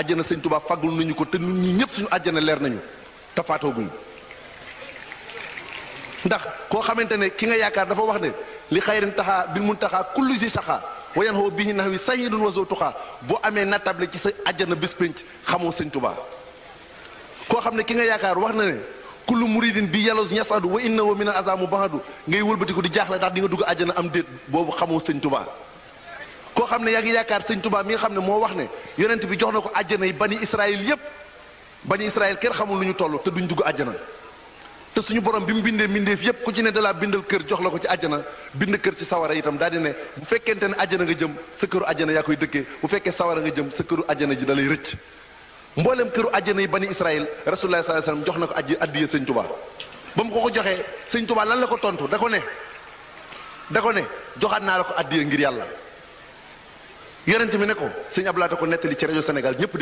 àjjana sëñ Tuubaa faggul nañu ko te ñun ñi ñëpp suñu àjjana leer nañu te faatooguñu ndax koo xamante ne ki nga yaakaar dafa wax ne li xayrin taxaa bil mun taxaa kullu si saxaa wayan xoo bii nax wi sayidun wasoo tuxaa boo amee nattable ci sa àjjana bis pénc xamoo sëñ Tuubaa koo xam ne ki nga yaakaar wax na ne kullu muridin bi yàllos ñasadu wa innahu min al azamu bahadu ngay wëlbati ko di jaaxle ndax di nga dugg àjjana am déet boobu xamoo sëñ Tuubaa xam ne yaa ngi yaakaar sëñ tubaa mi nga xam ne moo wax ne yonent bi jox na ko àjjana yi bani Israël yépp bani Israël kenn xamul lu ñu toll te du duñ dugg àjjana te suñu borom bi mu bindee mbindeef yépp ku ci ne dalaa bindal kër jox la ko ci àjjana bind kër ci sawara itam daal di ne bu fekkente ne àjjana nga jëm sa këru àjjana yaa koy dëkkee bu fekkee sawara nga jëm sa këru àjjana ji da lay rëcc mbooleem këru àjjana yi bani Israël rasulullah sallallahu alayhi wasallam jox na ko aj addiye sëñ Tuubaa ba mu ko ko joxee sëñ lan la ko tontu da ne da ne joxaat naa la ko addiye ngir yàlla yonent mi ne ko sëñ Abdoulaye da ko nettali ci rajo Sénégal ñëpp